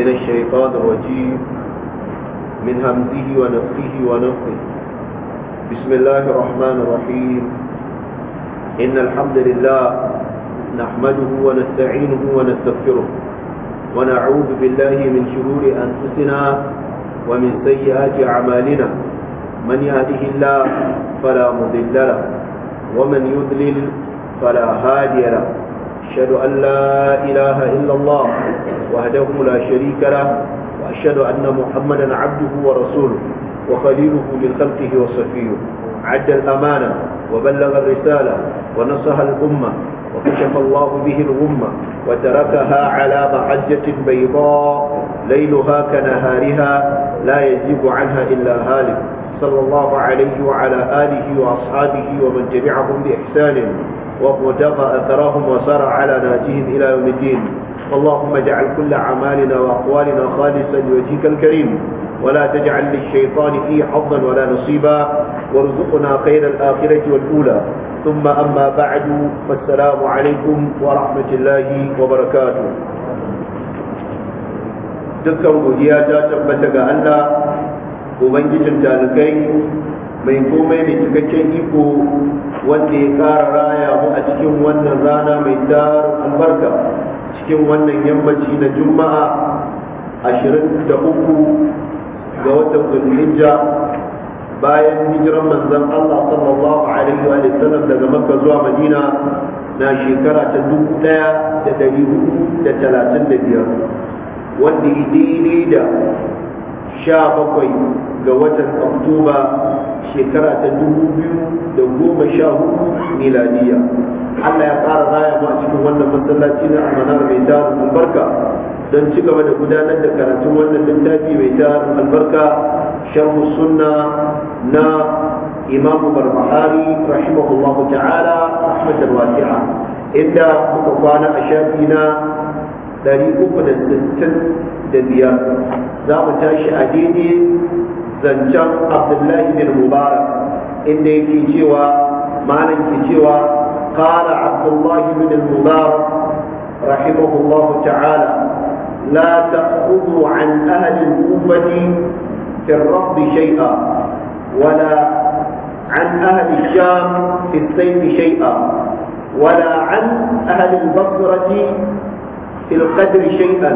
من الشيطان الرجيم من همزه ونفخه ونفخه بسم الله الرحمن الرحيم إن الحمد لله نحمده ونستعينه ونستغفره ونعوذ بالله من شرور أنفسنا ومن سيئات أعمالنا من يهده الله فلا مضل له ومن يضلل فلا هادي له أشهد أن لا إله إلا الله وحده لا شريك له وأشهد أن محمدا عبده ورسوله وخليله من خلقه وصفيه عد الأمانة وبلغ الرسالة ونصح الأمة وكشف الله به الغمة وتركها على محجة بيضاء ليلها كنهارها لا يزيغ عنها إلا هالك صلى الله عليه وعلى آله وأصحابه ومن تبعهم بإحسان وقتفى أثرهم وسار على نهجهم إلى يوم الدين اللهم اجعل كل أعمالنا وأقوالنا خالصا لوجهك الكريم ولا تجعل للشيطان فيه حظا ولا نصيبا وارزقنا خير الآخرة والأولى ثم أما بعد فالسلام عليكم ورحمة الله وبركاته dukkan godiya ta tabbata ga Allah ubangijin talikai mai komai mai cikakken iko wanda ya ƙara raya mu a cikin wannan rana mai tarin cikin wannan yammaci na juma'a 23 ga watan zulhijja bayan hijiran manzon Allah sallallahu alaihi wa sallam daga Makka zuwa Madina na shekara ta 1435 wanda ya daidai da sha bakwai ga watan oktoba shekara ta dubu biyu da goma sha hudu miladiya allah ya ƙara raya a cikin wannan masallaci na amanar mai tarin albarka don ci gaba da gudanar da karatun wannan littafi mai tarin albarka sharhu sunna na imamu barbahari rahimahullahu ta'ala rahmatan wasi'a inda muka kwana a shafi na dari uku da sittin da biyar za mu tashi a daidai zancen abdullahi bin mubarak inda yake cewa malam ke cewa qala abdullahi bin mubarak rahimahullahu ta'ala لا تأخذوا عن أهل الكوفة في الرفض شيئا ولا عن أهل الشام في السيف شيئا ولا عن أهل البصرة في القدر شيئا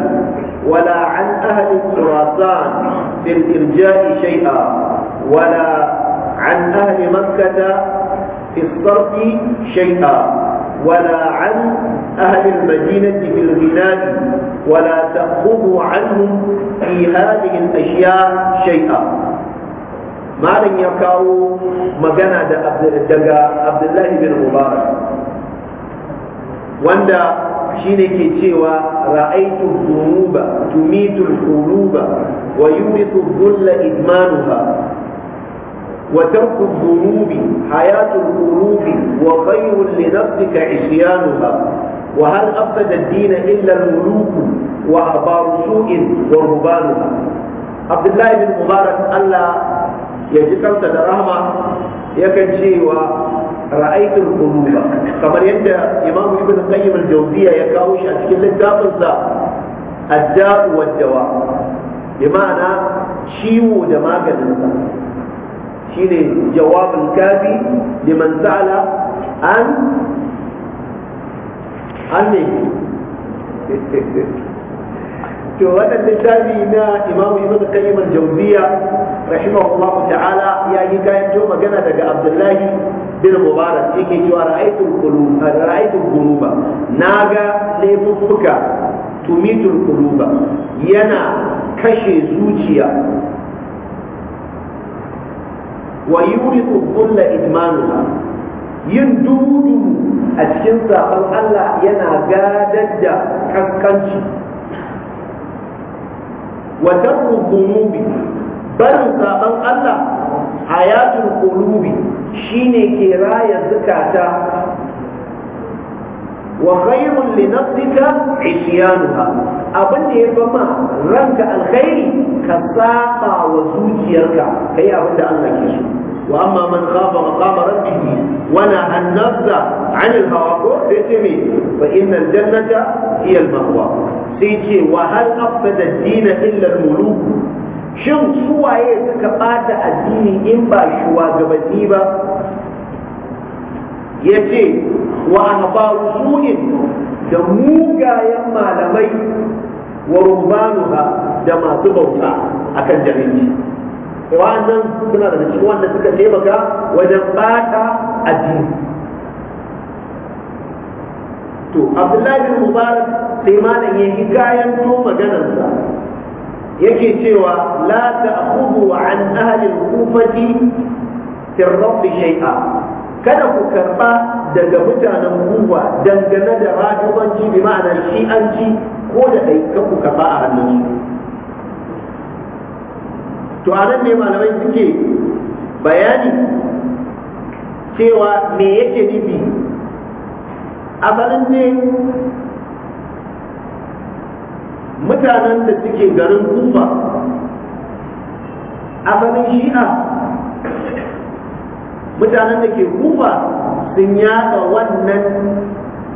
ولا عن أهل خراسان في الإرجاء شيئا ولا عن أهل مكة في الصرف شيئا ولا عن أهل المدينة في الغناء ولا تأخذوا عنهم في هذه الأشياء شيئا ما لن kawo magana عبد الله بن مبارك wanda shine ke cewa ra'aitu dhunuba tumitu al-quluba wa yumitu dhulla idmanuha wa tarku dhunubi hayatu al-qulubi wa khayrun li nafsika isyanuha wa hal afsada ad-din illa al-muluk wa abaru su'in wa rubanuha Abdullah ibn Mubarak Allah ya ji kansa da rahama yakan cewa ra'aytul quluba kamar yadda imam ibn qayyim al-jawziya ya kawo shi a cikin littafin sa ad-da'u dawa bi ma'ana ciwo da maganin sa shine jawabul kafi liman sa'ala an ne to wannan littafi na imam ibn qayyim al-jawziya rahimahullahu ta'ala ya yi kayan magana daga abdullahi bin mubarak yake cewa ra'aytul qulub ra'aytul quluba naga laifuffuka tumitul quluba yana kashe zuciya Wayuri yuridu kulla idmanuha yin dudu a cikin sabon Allah yana gadar da kankanci wa tarku dhunubi barin saban Allah hayatul qulubi shine ke raya zukata wa khairun li nafsika isyanuha abin da ya bama ranka alkhairi ka saba wa zuciyarka kai abin da Allah ke so wa amma man khafa maqama rabbih wa naha an-nafsa 'an al-hawa fa yatimi fa inna al-jannata hiya al sai ce wa hal afsada ad-din illa al shin suwaye suka ɓata addini in ba gabanni ba ya ce wa ahbaru su'in da mugayen malamai wa ba da masu bauta akan jarinci wannan suna da cikin wanda suka taimaka wajen ɓata addini to abdullahi mubarak sai malam ya yi kayan to maganarsa yake cewa la ta'khudhu an ahli al-kufati fi kada ku karba daga mutanen kufa dangane da rajubanci bi ma'ana shi'anci ko da dai ku karba a hannun to a anan ne malamai suke bayani cewa me yake nufi asalin ne mutanen da suke garin kufa asalin shi'a mutanen da ke kufa sun yada wannan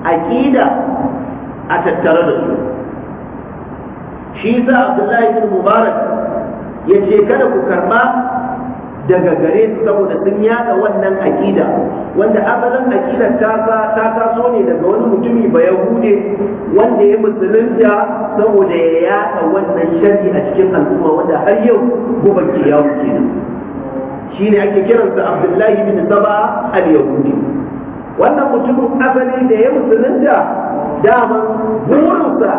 aƙida a tattare da su shi sa abdullahi bin mubarak ya ce kada ku karɓa daga gare su saboda sun yada wannan akida wanda asalin akidar ta ta taso ne daga wani mutumi ba hude, wanda ya musulunta saboda ya yada wannan shari a cikin al'umma wanda har yau gobe ke yawo Shi shine ake kiransa Abdullahi bin Saba al-Yahudi wannan mutumin asali da ya musulunta dama burinsa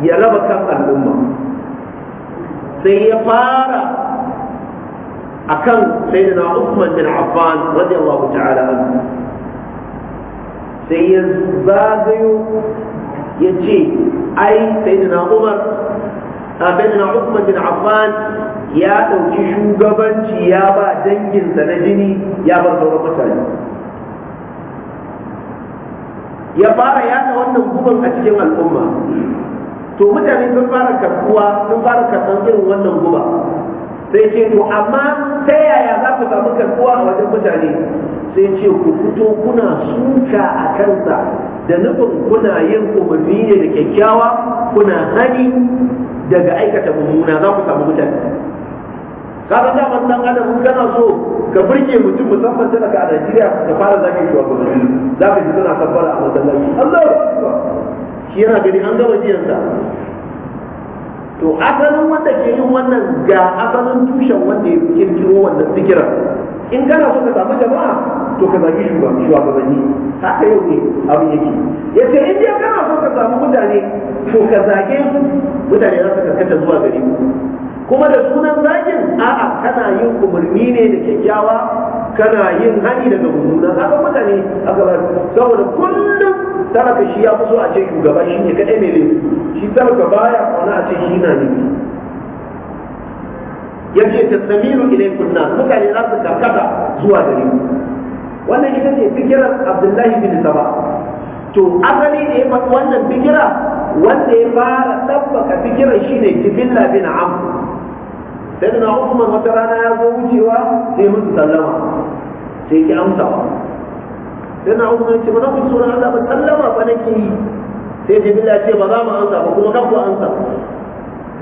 ya raba kan al'umma sai ya fara akan sayyidina Uthman bin Affan radiyallahu ta'ala anhu sai ya zagayo ya ce ai sayyidina Umar sayyidina Uthman bin Affan ya ɗauki shugabanci ya ba danginsa na jini ya bar sauran mutane ya fara yaɗa wannan guban a cikin al'umma to mutane sun fara karkuwa sun fara karɓar irin wannan guba sai ce to amma ta yaya za ku samu karbuwa a wajen mutane sai ce ku fito kuna suka a kansa da nufin kuna yin umarni ne da kyakkyawa kuna hani daga aikata mummuna za ku samu mutane kaga da man dan adam in kana so ka burge mutum musamman tana ka a Najeriya ka fara zaki shi wa gwamnati za ka ji suna kafara a masallaci Allah shi yana gani an gaba jiyansa to asalin wanda ke yin wannan ga asalin tushen wanda ya kirkiro wannan fikiran, in kana so ka samu jama'a to ka zagi shugabanni haka yau ne abin yake ya ce in dai kana so ka samu mutane to ka zage su mutane za su karkata zuwa gari kuma da sunan zagin a'a kana yin umarni ne da kyakkyawa kana yin hani daga na haka mutane a ba saboda kullum talaka shi ya fi so a ce shugaba shi ne kadai mai laifi shi talaka baya kwana a ce shi na laifi ya ce ta samiru ilaikun nas mutane za su karkata zuwa gare ku wannan ita ce fikirar abdullahi bin saba to asali da ya faɗi wannan fikira wanda ya fara ɗabbaka fikirar ne jibilla bin amr sai na Usman wata rana ya zo wucewa sai musu sallama sai ki amsawa sai na Usman ce mana kun sura Allah ba sallama ba nake yi sai billa ce ba za mu amsa ba kuma kan ku amsa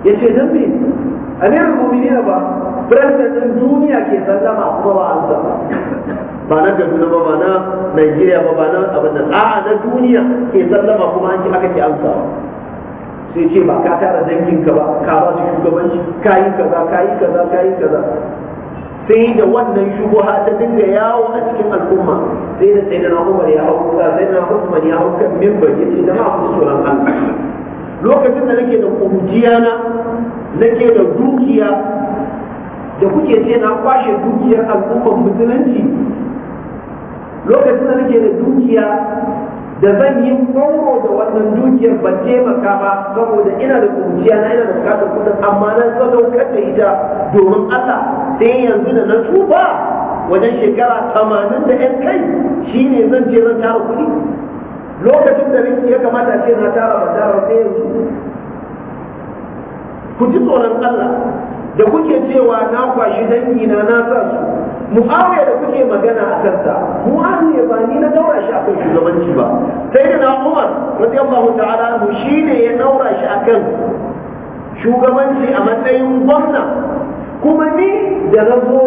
ya ce dan me amir mu'minin ba president din duniya ke sallama kuma ba amsa ba ba na Kaduna ba ba na Najeriya ba ba na abin nan a'a na duniya ke sallama kuma an ki aka ki amsa. sai ce ba ka tara danginka ba ka ba su shugabanci ka yi kaza ka yi kaza ka yi kaza sai da wannan shubuha ta dinga yawo a cikin al'umma sai da sayyidina Umar ya hau sayyidina Uthman ya hau kan minbar yace jama'a ku tsoron Allah lokacin da nake da kujiya na nake da dukiya da kuke ce na kwashe dukiyar al'ummar musulunci lokacin da nake da dukiya da zan yi koro da wannan dukiyar ban taimaka ba saboda ina da kuciya na ina da bukatar kudin amma na sadaukar da ita domin Allah sai yanzu da na tuba wajen shekara tamanin da yan kai shine zan je zan tara kuɗi lokacin da ya kamata ce na tara ba tara sai yanzu ku ji tsoron Allah da kuke cewa na kwashi dangi na na sa su muawiya da kuke magana a kansa muawiya ba ni na daura shi akan shugabanci ba sai da na umar radiyallahu ta'ala shi ne ya daura shi akan shugabanci a matsayin gwamna kuma ni da rabo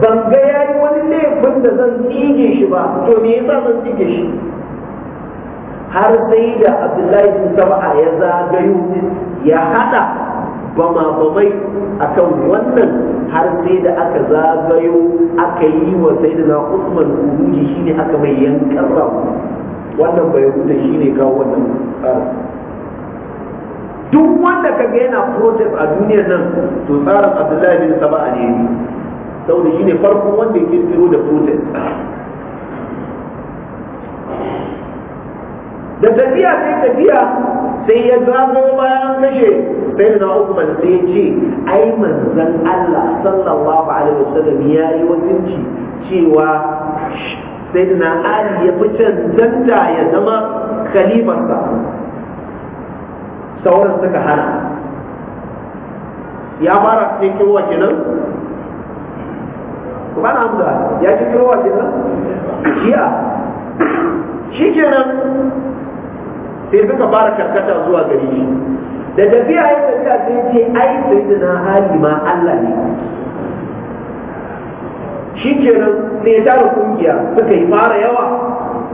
ban ga yayi wani laifin da zan tsige shi ba to me yasa zan tsige shi har sai da abdullahi bin saba'a ya zagayo ya hada bama-bamai a kan wannan har sai da aka zagayo aka yi wa sai da na usman kuruji shi ne aka mai yanka ramu wannan bai huta shi ne kawo wannan tsarin duk wanda ka ga yana protest a duniyar nan to tsarin abdullahi bin saba'a ne saboda shi ne farkon wanda ya kirkiro da protest da tafiya sai tafiya sai ya zamo bayan kashe sai da Uthman sai ya ce ai manzon Allah sallallahu alaihi wasallam ya yi wasinci cewa sai da Ali ya fi cancanta ya zama khalifarsa sauran suka hana ya fara cikin wa kenan kuma na hamza ya cikin wa kenan shi'a shi kenan sai suka fara karkata zuwa gari shi da tafiya ya tafiya sai ce ai sai da na hali ma Allah ne shi kenan ne ya tara kungiya suka yi fara yawa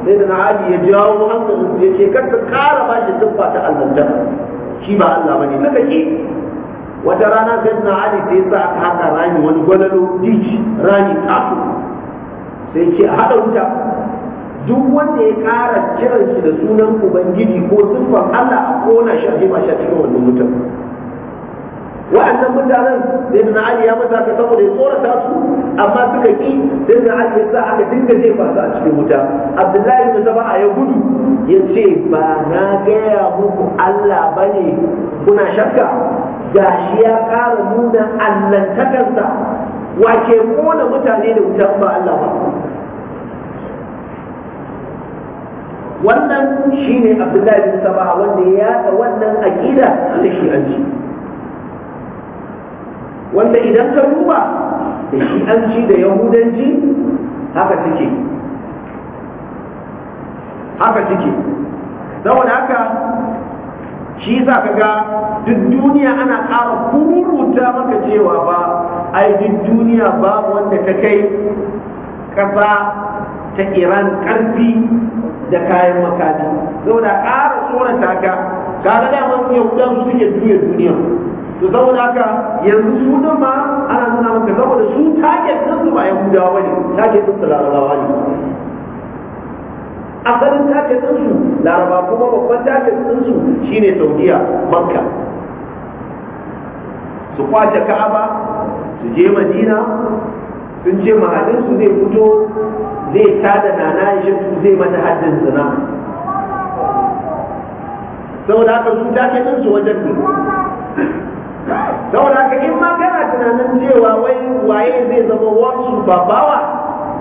sai da na'ali ya jawo hankalin ya ce kar ka kara ba shi siffa ta allanta shi ba Allah ne, suka ki wata rana sai da na'ali sai sa aka haka rami wani gwalalo diji rami kafu sai ce a haɗa wuta duk wanda ya kara kiran shi da sunan ubangiji ko sunan Allah a kona shi a jefa shi a cikin wannan mutum wa'annan mutanen da da Ali ya mata ka saboda ya tsorata su amma suka ki da da Ali ya sa aka dinga jefa su a cikin wuta Abdullahi bin a ya gudu ya ce ba na gaya muku Allah bane kuna shakka shi ya kara nuna Wa wake kona mutane da wutan ba Allah ba wannan ne abdullahi bin saba wanda ya yada wannan aqida ta shi'anci wanda idan ka duba da shi'anci da yahudanci haka suke haka suke haka shi za ka ga duk duniya ana ƙara kururuta maka cewa ba ai duk duniya babu wanda ta kai ƙasa ta iran karfi da kayan makami Zauna ƙara tsorata ka kaga daman yahudan su suke juya duniya to zauna ka, yanzu su din ma ana nuna maka saboda su take din su ba yahudawa bane target din su larabawa ne asalin target ɗin su laraba kuma babban target ɗin su shine saudiya makka su kwace ka'aba su je madina sun ce mahadinsu zai fito zai tada nana ya zai mata haddin zina saboda haka su dakitin su wajen ne saboda haka in ma kana tunanin cewa wai waye zai zama wasu babawa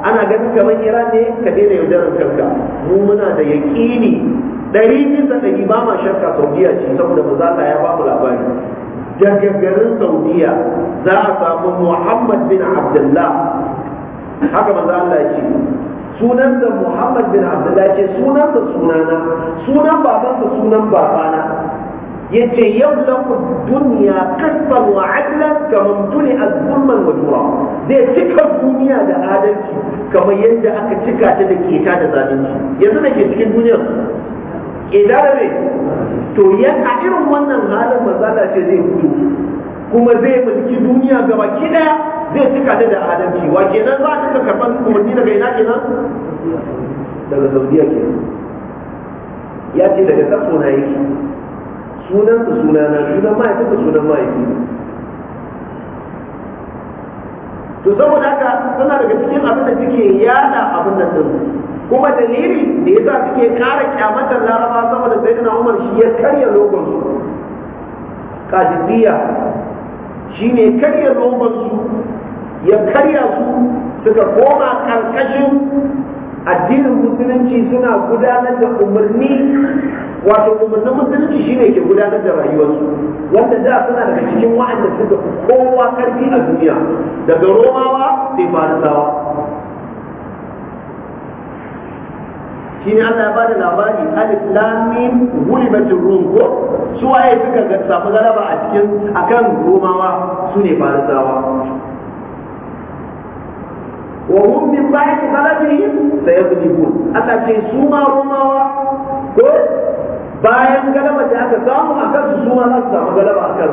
ana ganin kamar iran ne ka daina yaudarar kanka mu muna da yaƙini ɗari bisa ɗari ba ma shakka saudiya ce saboda ta ya ba mu labari daga garin saudiya za a samu muhammad bin abdullah haka maza Allah ce sunan da muhammad bin abdullah ce sunan da sunana sunan baban da sunan babana ya ce yau laku duniya kasar wa adlan kamar tuni azumman zai cika duniya da adalci kamar yadda aka cika ta da keta da zalunci yanzu da ke cikin duniyar idare to ya a irin wannan halin mazala ce zai fito kuma zai mulki duniya gaba kida zai cika da adalci wa kenan za ka ka karɓar umarni daga ina kenan daga saudiya kenan ya ce daga kaso na yake sunan su na, sunan mahaifinka sunan mahaifinka to saboda haka suna daga cikin abin da suke yada abin da sun kuma dalili da yasa suke ƙara kyamatar laraba saboda sayyidina umar shi ya karya logon su shi ne karya logon su ya karya su suka koma karkashin addinin musulunci suna gudanar da umarni wato umarnin musulunci ne ke gudanar da rayuwarsu wanda da suna daga cikin wa'anda suka fi kowa karfi a duniya daga romawa sai farisawa ne Allah ya da labari alif lam mim ghulibatir rum ko su waye suka ga samu galaba a cikin akan romawa ne farisawa wa hum min ba'di ghalabihim sayaghlibun aka ce su ma romawa ko bayan galaba da aka samu akan su su ma za su samu galaba akan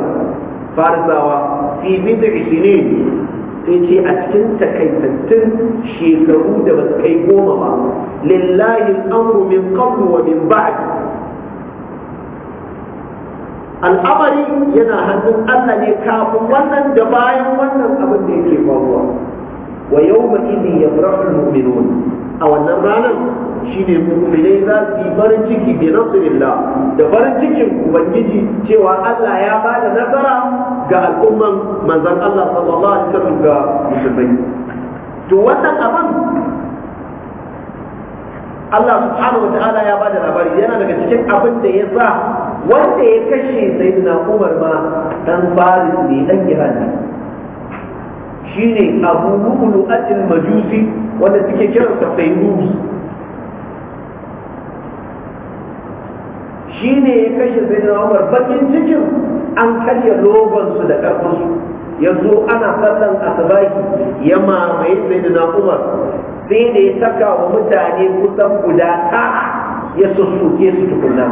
farisawa fi bid'i sinin sai ce a cikin takaitattun shekaru da ba su kai goma ba lillahi al'amru min qablu wa min ba'd al'amari yana hannun Allah ne kafin wannan da bayan wannan abin da yake faruwa wa yawma idin yafrahu almu'minun a wannan ranar shine mu'minai za su yi farin ciki bi nasrillah da farin cikin ubangiji cewa Allah ya ba da nasara ga al'umman manzon Allah sallallahu alaihi wasallam ga musulmai to wannan abin Allah subhanahu wa ta'ala ya da labari yana daga cikin abin da ya sa wanda ya kashe sayyidina Umar ma dan Faris ne dan Iran ne shine abu lu'lu'atil majusi wanda suke kiransa fayyus shine ya kashe sai na umar bakin cikin an karya logon su da karfin su yanzu ana sallan asabaki ya mamaye sai na umar sai da ya saka wa mutane kusan guda ta'a ya soke su tukuna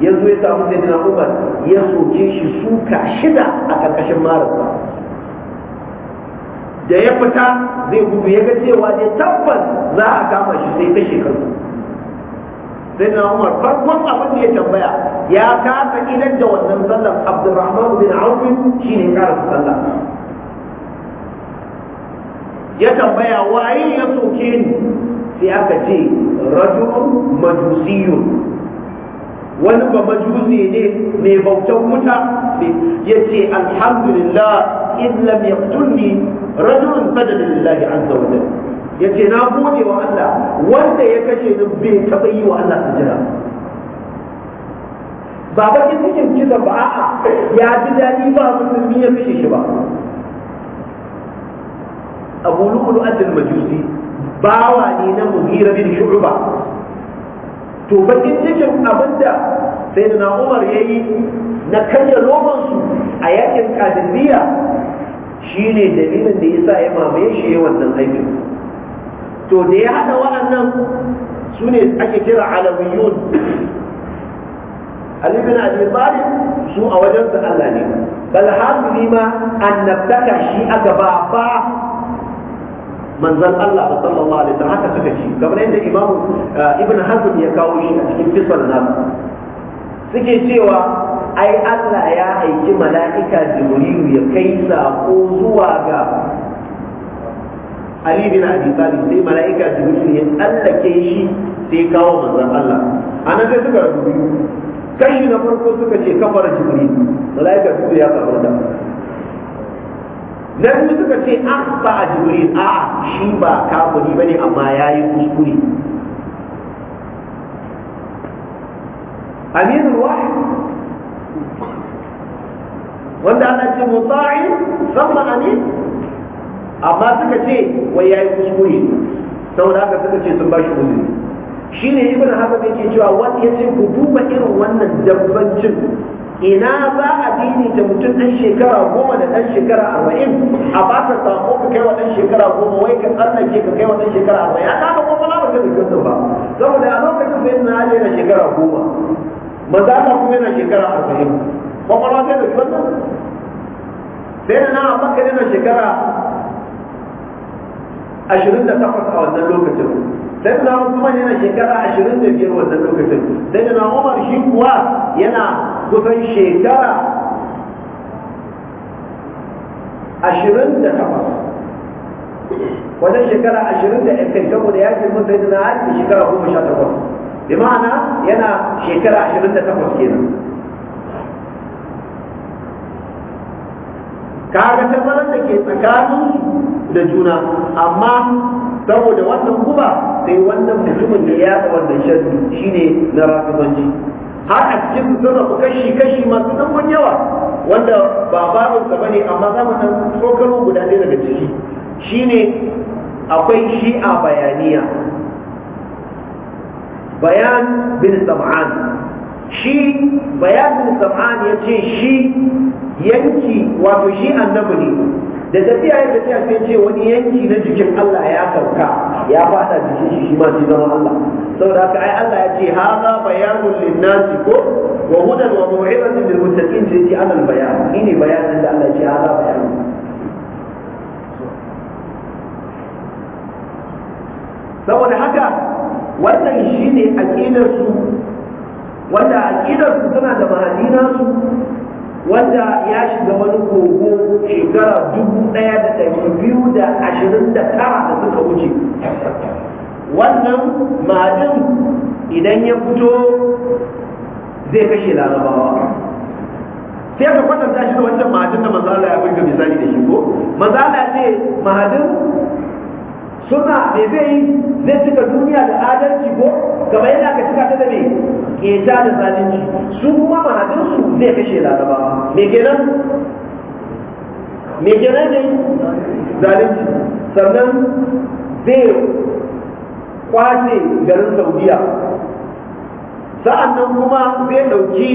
yanzu ya samu sai umar ya soke shi suka shida a karkashin marasa da ya fita zai gudu ya ga cewa ne tabbas za a kama shi sai kashe kansa sai na umar farkon abin da ya tambaya ya kasa idan da wannan sallar abdurrahman bin auf shine karasa sallar ya tambaya waye ya soke ni sai aka ce rajulun majusiyun wani ba juzi ne mai bautan wuta ya ce alhamdulillah in lam yaqtulni rajulun sajada lillahi azza wa jalla yace na gode wa Allah wanda ya kashe ni bai taba yi wa Allah sujada ba bakin cikin kisa ba a'a ya ji daɗi ba musulmi ya kashe shi ba abu lulu adil majusi bawa ne na mugira bin shu'ba to bakin cikin abinda sai da umar ya yi na karya lomansu a yakin kadiriya shi ne dalilin da ya sa ya mamaye shi ya wannan to da ya haɗa waɗannan su ne ake kira alawiyun Ali bin Abi su a wajen su Allah ne bal hazili ma annabtaka shi aka ba ba manzon Allah sallallahu alaihi wasallam haka suka ce kamar yadda Imam uh, Ibn Hazm ya kawo shi a cikin fisal nan suke cewa ai Allah ya aiki mala'ika Jibrilu ya kai sako zuwa ga Ali bin Abi Talib sai mala'ika Jibril ya tsallake shi sai kawo manzon Allah anan sai suka rubu kashi na farko suka ce kafara Jibril mala'ika Jibril ya da. na biyu suka ce ah, ba a jibril a shi ba ba ne amma ya yi kuskure Aminu wahid wanda ana ce muta'i zama amin amma suka ce wai ya yi kuskure saboda haka suka ce sun ba shi uzuri shine ibn hazm yake cewa wani ce ku duba irin wannan dabbancin ina za a daidaita mutum ɗan shekara goma da ɗan shekara arba'in a ba ka samu ka kai wa ɗan shekara goma wai ka tsallake ka kai wa ɗan shekara arba'in a kama kuma na baka zikin ba saboda a lokacin sai na hali na shekara goma maza ka kuma na shekara arba'in kwakwalwa sai da wannan sai na na maka yana shekara ashirin da takwas a wannan lokacin sai da Usman yana shekara ashirin da biyar wannan lokacin sai da Umar shi kuwa yana kusan shekara ashirin da takwas wajen shekara ashirin da ɗan kai saboda ya fi mun sai da na shekara goma sha takwas bi ma'ana yana shekara ashirin da takwas kenan kaga tabarar da ke tsakanin da juna amma saboda wannan guba sai wannan mutumin da ya yaɗa wannan sharri shine na rafi har a cikin su sarrafa kashi kashi masu ɗan yawa wanda ba babin ba ne amma za mu san tsokano guda ɗaya daga ciki shine akwai shi'a bayaniya bayan bin sam'an shi bayan bin sam'an ya ce shi yanki wato shi annabi ne da tafiya ya tafiya sai ce wani yanki na jikin Allah ya sauka ya fada jikin shi shi ma sai zama Allah saboda haka ai Allah ya ce haza bayanun linnasi ko wa hudan wa mu'ibatin lil muttaqin sai ce anan bayan ne bayanin da Allah ya ce haza bayanun saboda haka wannan shine aqidar su wanda aqidar su tana da mahadina su wanda ya shiga wani kogo shekara dubu ɗaya da ɗari biyu da ashirin da tara da suka wuce wannan majin idan ya fito zai kashe larabawa sai ka kwatanta shi da wancan mahadin da mazala ya buga misali da shi ko mazala ce mahadin suna me zai yi zai cika duniya da adalci ko gaba yana ka cika ta da mai keta da zalunci su zai kashe larabawa me kenan me kenan ne zalunci sannan zai kwace garin saudiya nan kuma zai ɗauki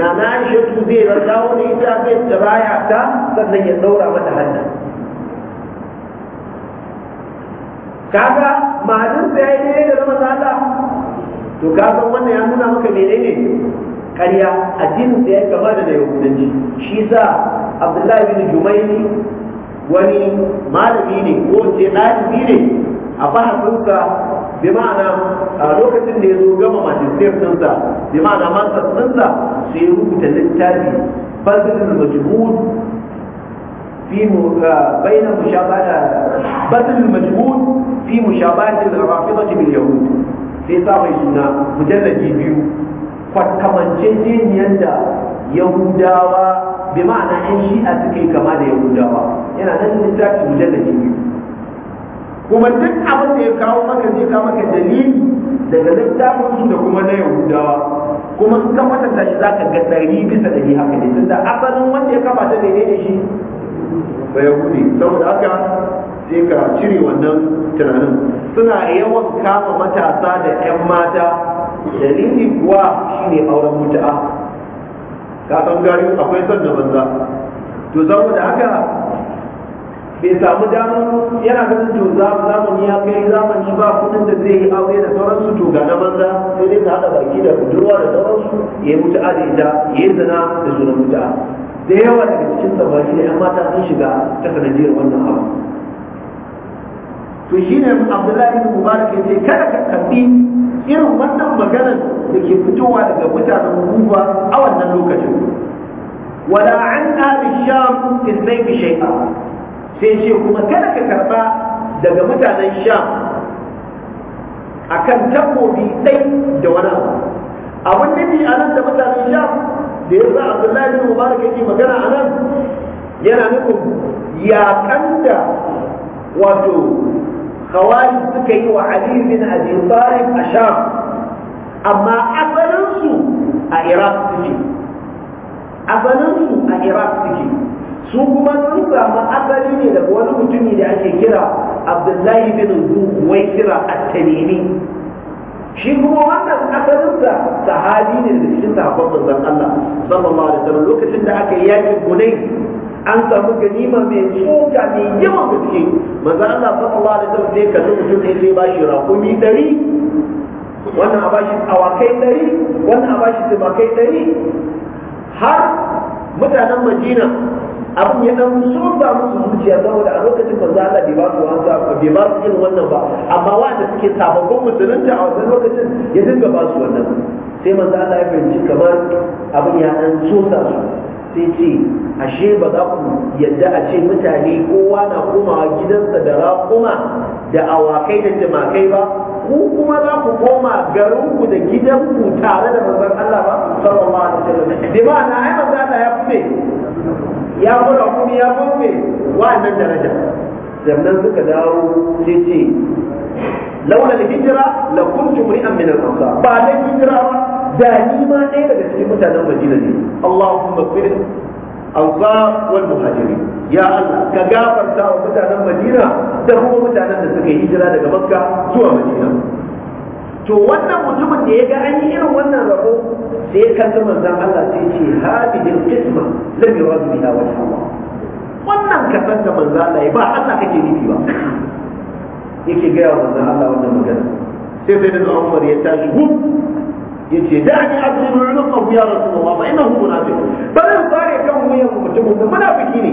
na na shatu zai rasa wani ita zai tsiraya ta sannan ya ɗaura mata hannu kaga ma'adin tsaye ne da zama tsada to kaga wannan ya nuna maka menene karya addinin da ya kama da yahudanci shi sa abdullahi bin jumaini wani malami ne ko ce ɗalibi ne a bahasinsa bi ma'ana a lokacin da ya zo gama majistir ɗinsa bi ma'ana masar ɗinsa sai ya rubuta littafi fasirin majhud في بين fi بذل da في مشابهة الرافضة باليهود في صاحب suna mujallaji biyu kwatkamancin da yahudawa bi ma'ana yan shi'a a yi kama da yahudawa yana nan littafi da biyu kuma duk abin da ya kawo maka zai kawo maka dalili daga littafin su da kuma na yahudawa kuma in ka kwatanta shi zaka ga ɗari bisa ɗari haka ne tunda asalin wanda ya kamata ta ne ne shi ba yahudi saboda haka sai ka cire wannan tunanin suna yawan kama matasa da 'yan mata dalili kuwa shine auren mutu'a ka san gari akwai son da banza to za da haka bai samu damar yana ganin to zamani ya kai zamani ba kudin da zai yi aure da sauransu to ga na banza sai dai ka hada baki da budurwa da sauransu ya yi mutu'a da ita ya yi zina da sunan mutu'a da yawa daga cikin samari ne 'yan mata sun shiga ta sanadiyar wannan abu to shine abdullahi bin mubarak ya ce kada ka kafi irin wannan maganar da ke fitowa daga mutanen kufa a wannan lokacin wala an ahli sham isnai fi shay'a sai ce kuma kada ka karba daga mutanen sham kan takobi ɗai da wani abu abin nufi a nan da mutanen sham da ya sa abdullahi bin mubarak yake magana a nan yana nufin yaƙan da wato khawarij suka yi wa ali bin abi talib a sham amma asalinsu a iraq suke a iraq suke su kuma sun samu asali ne daga wani mutumi da ake kira abdullahi bin wai kira at-tamimi shi kuma wannan asalinsa sahabi ne da cikin sahabban manzon Allah sallallahu alaihi wasallam lokacin da aka yi yakin Hunayn an samu ganima mai tsoka mai yawan gaske maza Allah sallallahu alaihi zai sai kalli mutum zai ba shi raƙumi ɗari wannan a bashi awakai ɗari wannan a bashi tumakai ɗari har mutanen Madina abin ya dan tsoka musu zuciya saboda a lokacin za Allah bai ba su wanda bai ba su irin wannan ba amma wanda suke sababbin musulunta a wannan lokacin ya dinga ba su wannan sai manzo Allah ya fahimci kamar abin ya dan sosa su sai ce ashe ba za ku yadda a ce mutane kowa na komawa gidansa da raƙuma da awakai da jimakai ba ku kuma za ku koma garinku da gidanku tare da manzon Allah ba sallallahu alaihi wasallam bi na ai manzon Allah ya fi ya fi kuma ya fi me wa'annan daraja sannan suka dawo sai ce laula al-hijra la kuntum ri'an min al-ansar ba da hijra ba da ni ma ɗaya daga cikin mutanen madina ne Allahumma fir ansar wal muhajirin ya Allah ka gafarta wa mutanen madina da kuma mutanen da suka yi hijira daga makka zuwa madina to wannan mutumin da ya ga an yi irin wannan rabo sai ya kalli manzon Allah sai ce hadidil qisma lam yurad biha wajh Allah wannan kasan da manzon Allah ya ba Allah kake nufi ba yake ga manzon Allah wannan magana sai sai da Umar ya tashi yace dani adribu unuqahu ya rasulullah fa innahu munafiq bari bare kan wuyan mutumin da munafiki ne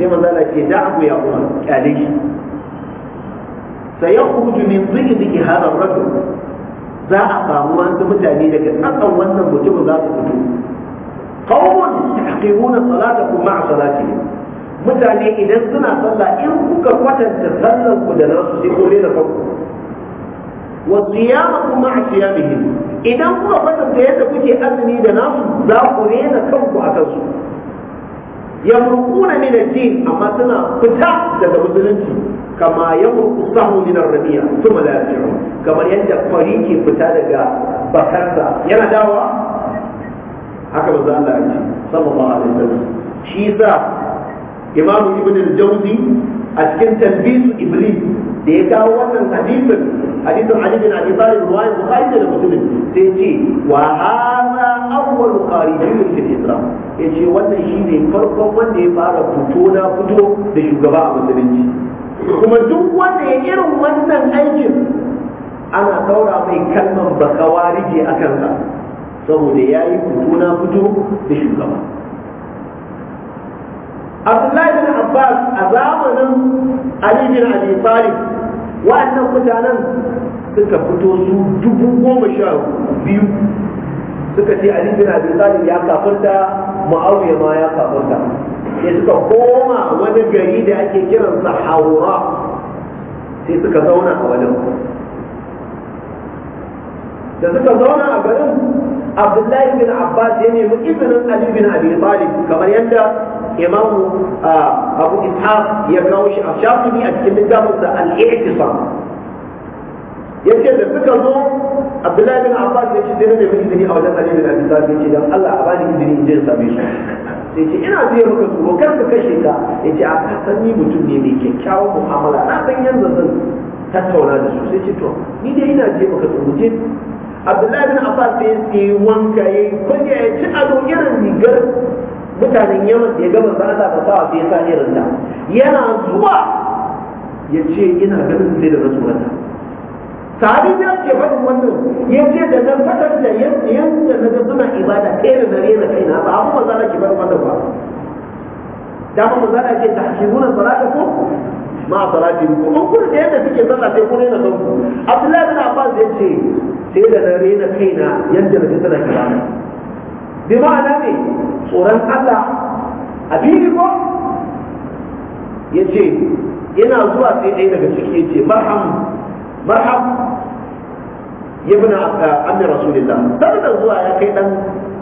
sai manzo Allah ce da'ahu ya umar kyale shi sayakhruju min dhikri hadha ar-rajul za a samu wasu mutane daga tsakan wannan mutumin za su fito qawmun yaqimuna salatakum ma'a salatihim mutane idan suna sallah in kuka kwatanta sallar ku da nasu sai ku rena kanku wa siyamakum ma'a siyamihim idan kuma kwatanta yadda kuke azumi da nasu za ku rena kanku a kansu yamruquna min ad-din amma suna fita daga musulunci kama yamruqu sahu min ar-rabiya thumma la yarji'u kamar yadda fari ke fita daga bakarsa yana dawa haka manzo Allah ya ce sallallahu alaihi wasallam shi sa Imamu ibn al-jawzi a cikin talbisu iblis da ya kawo wannan hadisin hadisin ali bin abi talib ruwayan bukhari da muslim sai ce wa hadha awwal qarijin fil islam yace wannan shine farkon wanda ya fara fito na fito da shugaba a musulunci kuma duk wanda ya irin wannan aikin ana daura mai kalman bakawarije a kansa saboda ya yi fito na fito da shugaba abdullahi bin abbas a zamanin ali bin abi talib wa'annan mutanen suka fito su dubu goma sha biyu suka ce ali bin abi talib ya kafarta muawiya ma ya kafarta sai suka koma wani gari da ake kiransa haura sai suka zauna a wajen da suka zauna a garin abdullahi bin abbas ya nemi izinin ali bin abi talib kamar yadda imamu abu ishaq ya kawo shi a shafi a cikin littafin da al-i'tisam yace da suka zo abdullahi bin abbas ya ce sai da mai izini a wajen ali bin abi talib yace dan Allah a bani izini in je in same su sai ce ina je maka tsoro kar ka kashe ka yace a ka san ni mutum ne mai kyakkyawan mu'amala na san yanzu zan tattauna da su sai ce to ni dai ina je maka tsoro je abdullahi bin abbas sai ya wanka ya yi kunya ya ci ado irin rigar mutanen yaman da ya gama za ta ba sawa sai ya sa irin ta yana zuwa ya ce ina ganin sai da rasu wata sahabi ya ce in wannan ya ce da na fatar da yadda na ga suna ibada ɗaya da na rena kaina ba abu maza na ke in wannan ba dama za a ce ta hakimuna salata ko ma salati ku mun kun da yadda suke sallah sai kun rena kanku Abdullahi bin Abbas ya ce sai da na rena kaina yadda na ji suna kira bi ma'ana ne tsoron Allah abili ko ya ce yana zuwa sai ɗaya daga ciki ya ce marham marham ibn eh, ammi rasulillah saboda zuwa ya kai dan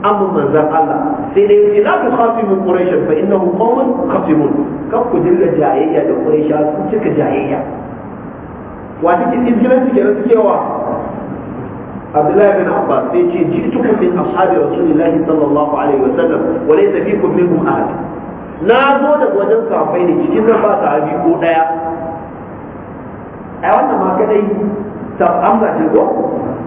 amma, manzan Allah sai dai yace la tu khasimu quraish fa innahum qawmun khasimun kan ku dilla jayayya da quraish su cika jayayya wa cikin izgilanci kenan suke wa Abdullahi bin Abbas sai ce jitukum min ashabi rasulillah sallallahu alaihi wa sallam wa laysa fikum minhum ahad na zo da wajen sahabbai ne cikin nan ba sahabi ko daya ai wannan ma kadai ta amsa ce ko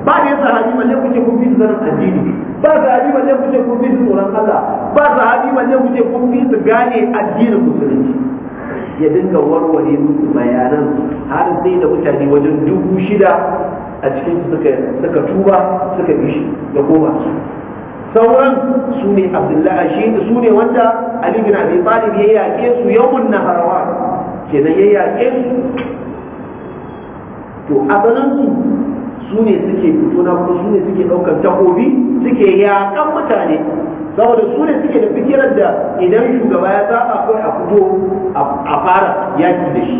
ba da yasa hadi balle ku ce kun bi zanin addini ba da hadi balle ku kun bi tsoron Allah ba da hadi balle ku kun bi gane addinin musulunci ya dinga warware musu bayanan har sai da mutane wajen dubu shida a cikin su suka tuba suka bi shi da koma su sauran su ne abdullahi shi su ne wanda ali bin abi talib ya yake su yawmun naharawa kenan ya yake su to a asalinsu su ne suke fito na kuma su ne suke ɗaukar takobi suke yaƙan mutane saboda su ne suke da fikirar da idan shugaba ya saba kawai a fito a fara yaƙi da shi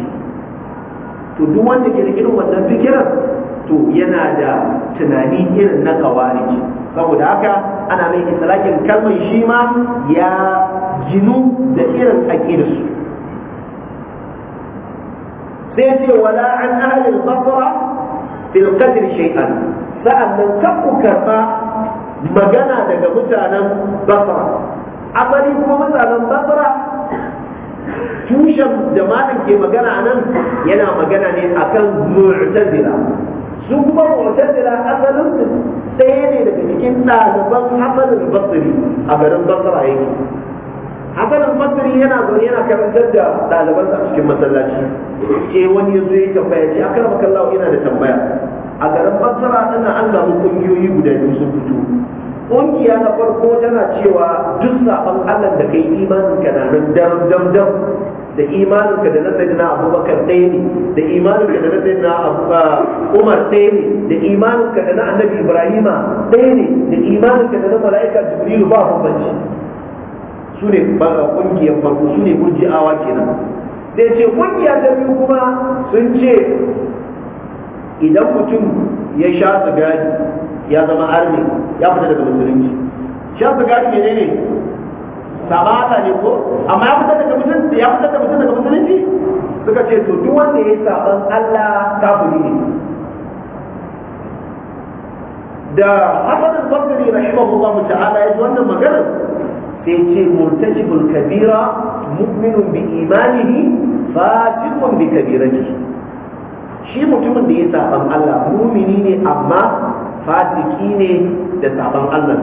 to duk wanda ke da irin wannan fikirar to yana da tunani irin na kawariki saboda haka ana mai islakin kalmar shi ma ya ginu da irin aƙidarsu sai ce wala an ahalin basra bil qadr shay'an sa'annan kan ku karba magana daga mutanen basra amali kuma mutanen basra tushen da malam ke magana nan, yana magana ne akan mu'tazila su kuma mu'tazila asalin ɗaya ne daga cikin ɗaliban hasan al-basri a garin basra yake hasan al yana zaune yana karantar da ɗalibansa a cikin masallaci sai wani ya zo ya tambaya ce akan makallahu yana da tambaya a garin basra ana an samu kungiyoyi guda biyu sun fito kungiya na farko tana cewa duk sabon allah da kai imaninka na nan dam dam dam da imanin ka da na abubakar ɗaya ne da imanin ka da na ah, umar ɗaya ne da imaninka da na annabi ibrahima ɗaya ne da imaninka da na mala'ika jibrilu ba bambanci su ne kungiyar farko su ne murji'awa kenan sai ce kungiya ta biyu kuma sun ce idan mutum ya sha sigari ya zama arni ya fita daga musulunci sha sigari ne ne sabata ne ko amma ya fita daga mutum ya fitar daga mutum daga musulunci suka ce to duk wanda ya saban Allah kafiri ne da Hassan al-Basri rahimahullah ta'ala ya wannan maganar sai ce murtajibul kabira mu'minun bi imanihi fasiqun bi shi mutumin da ya saban Allah mumini ne amma fasiki ne da saban Allah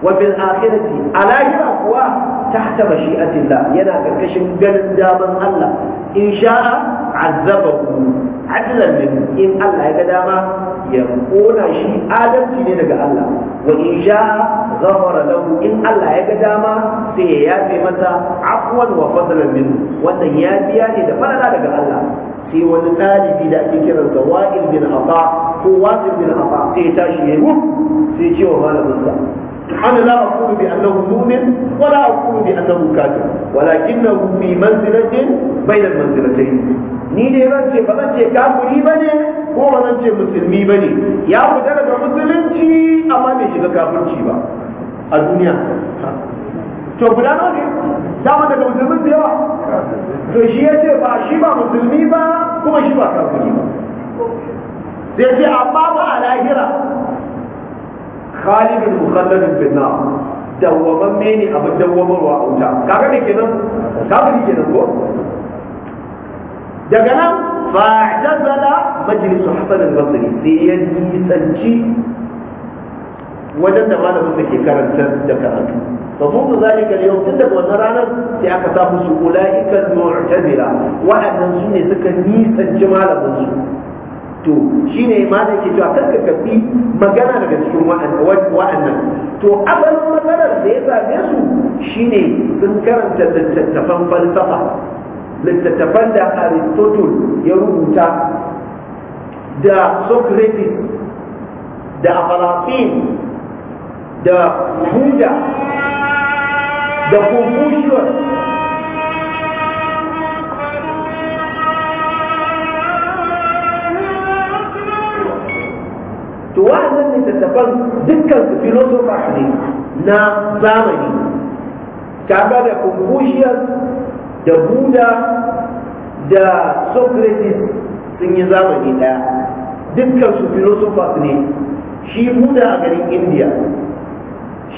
wa bil akhirati alahira kuwa tahta mashi'atillah yana karkashin ganin daman Allah in sha'a ku adlan min in Allah ya ga dama ya kona shi adalci ne daga Allah wa in sha'a ghafara lahu in Allah ya ga dama sai ya yafe masa afwan wa fadlan min wannan ya biya ne da farala daga Allah sai wani ɗalibi da ake kiran sa wa'il bin afa ko wa'il bin afa sai ya tashi yayi wuf sai cewa ce wa malamin sa أنا لا أقول بأنه مؤمن ولا أقول بأنه كافر ولكنه في منزلة بين المنزلتين ni dai zan ce ba zan ce kafiri ba ne ba zan ce musulmi ba ne ya musulunci amma bai shiga ba a duniya to guda nawa ne dama daga musulmin da yawa to shi ya ce ba shi ba musulmi ba kuma shi ba kafiri ba sai ce amma ba a lahira khalidun mukhalladun bin nar dawwamamme ne abin dawwamarwa a wuta kaga me kenan kafiri kenan ko daga nan fa'tazala majlis hasan al-basri sai ya nisanci wajen da malamin da ke karanta da karatu fa mun zalika al-yawm tun daga wannan ranar sai aka sa musu ulaika al-mu'tazila wa'annan sune suka nisanci malamin su to shi ne malam ke cewa kanka kafi magana daga cikin wa'annan to asalin maganar da ya zabe su shine sun karanta littattafan falsafa littattafan da aristotle ya rubuta da socrates da afalafin da Huda, da confucius to wa'annan littattafan dukkan su ne na zamani kaga da confucius da buda da socrates sun yi zamani daya dukkan su philosophers ne shi buda a garin india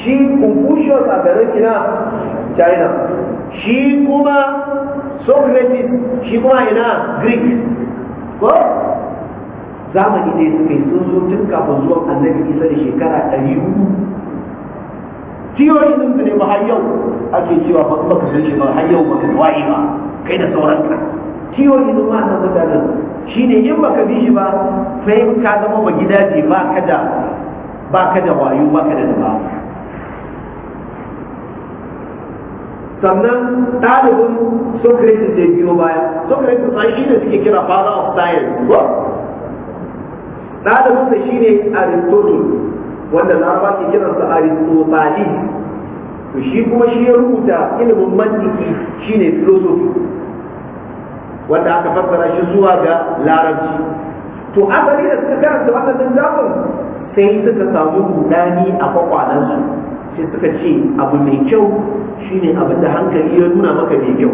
shi confucius a garin ina china shi kuma socrates shi kuma ina greek ko zamani ne suka yi sun zo tun kafin zuwan annabi isa da shekara ɗari hudu tiyoyin sun ne ba yau ake cewa ba baka san shi ba har yau ba kai waye ba kai da sauranka tiyoyin ma na mutanen shine in baka bi shi ba sai ka zama ba gidaje ba ka da ba ka da wayo ba ka da dabara sannan ɗalibin socrates ya biyo baya socrates an shi ne suke kira father of science ɗalibinsa shi ne aristotle wanda laraba ke kiransa aristotali to shi kuma shi ya rubuta ilimin mantiki shi ne philosophy wanda aka fassara shi zuwa ga larabci to asali da suka karanta wannan littafin sai suka samu rudani a kwakwalansu sai suka ce abu mai kyau shine abin da hankali ya nuna maka mai kyau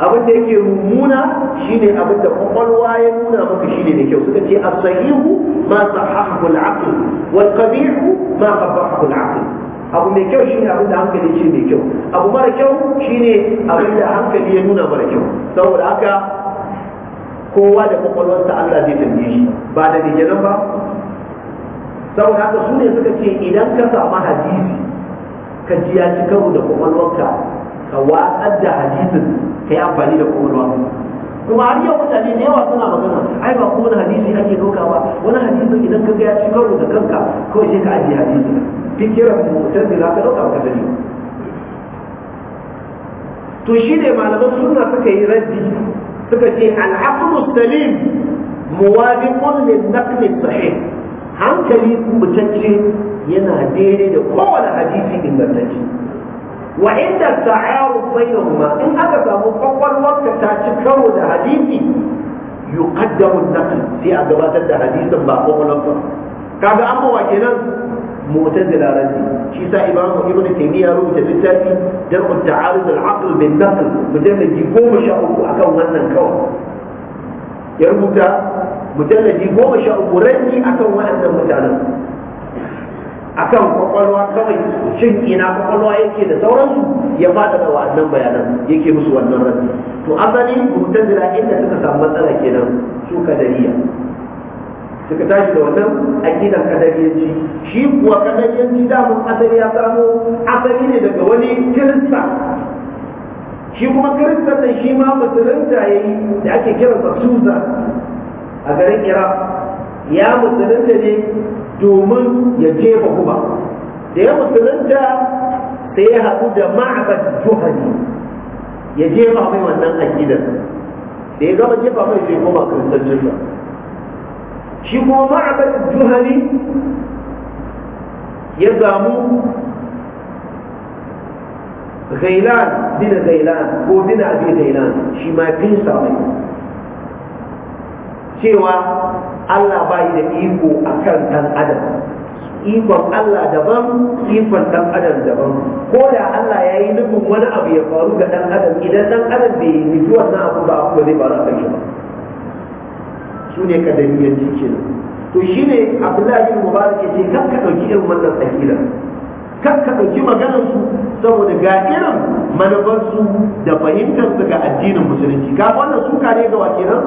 abin da yake mummuna shine abin da kwakwalwa ya nuna maka shine da kyau suka ce as-sahihu ma sahahu al-aql wal qabihu ma qabahu al-aql abu mai kyau shine abin da hankali ce mai kyau abu mara kyau shine abin da hankali ya nuna mara kyau saboda haka kowa da kwakwalwarsa Allah zai tambaye shi ba da dijinan ba saboda haka su ne suka ce idan ka samu hadisi ka ji ya ci karo da kwakwalwarka ka watsar da hadisin ka yi amfani da kokolwa kuma har yau mutane da yawa suna magana ai ba kowane hadisi ake doka ba wani hadisin idan ka ga ya ci karo da kanka kawai sai ka ajiye hadisi mu mutum da za ka doka ka gani to shi ne malaman suna suka yi raddi suka ce al'aqlu salim muwafiqun lin naql sahih hankali mutacce yana daidai da kowane hadisi ingantacce wa inda ta'aru bainahuma in aka samu kwakwalwarka ta ci karo da hadisi yuqaddamu an-naql sai a gabatar da hadisin ba kwakwalwarka kaga amma wa kenan mu'tazila rabbi shi sa imamu ibnu taymiya rubuta littafi dar'u ta'arud al-aql bin naql mujalladi 13 akan wannan kawai ya rubuta mujalladi 13 ranni akan wannan mutanen akan kwakwalwa kawai shin ina kwakwalwa yake da sauransu ya fada da wa'annan bayanan yake musu wannan rabi to asali mu'tazila inda suka samu matsala kenan su kadariya suka tashi da wannan aqidar kadariyanci shi kuwa kadariyanci da mun asali ya samu asali ne daga wani kirista shi kuma kirista shi ma musulunta yayi da ake kiransa suza a garin iraq ya musulunta ne domin ya jefa kuma da ya musulunta sai ya haɗu da ma'abar juhari, ya jefa mai wannan aƙidar da ya gama jefa mai sai kuma ba shi kuma ma'abar juhari ya zamu gailan bin gailan ko bin abin gailan shi ma fi sa cewa Allah ba da iko a kan ɗan adam ikon Allah daban ikon ɗan adam daban ko da Allah ya yi nufin wani abu ya faru ga ɗan adam idan ɗan adam bai nufi wannan abu ba abu zai faru a ba su ne kadamiyanci kenan to shine Abdullahi Mubarak ya ce kan ka ɗauki irin wannan tsakilan kan ka ɗauki maganarsu saboda ga irin manufarsu da fahimtarsu ga addinin musulunci ka wannan suka ne ga kenan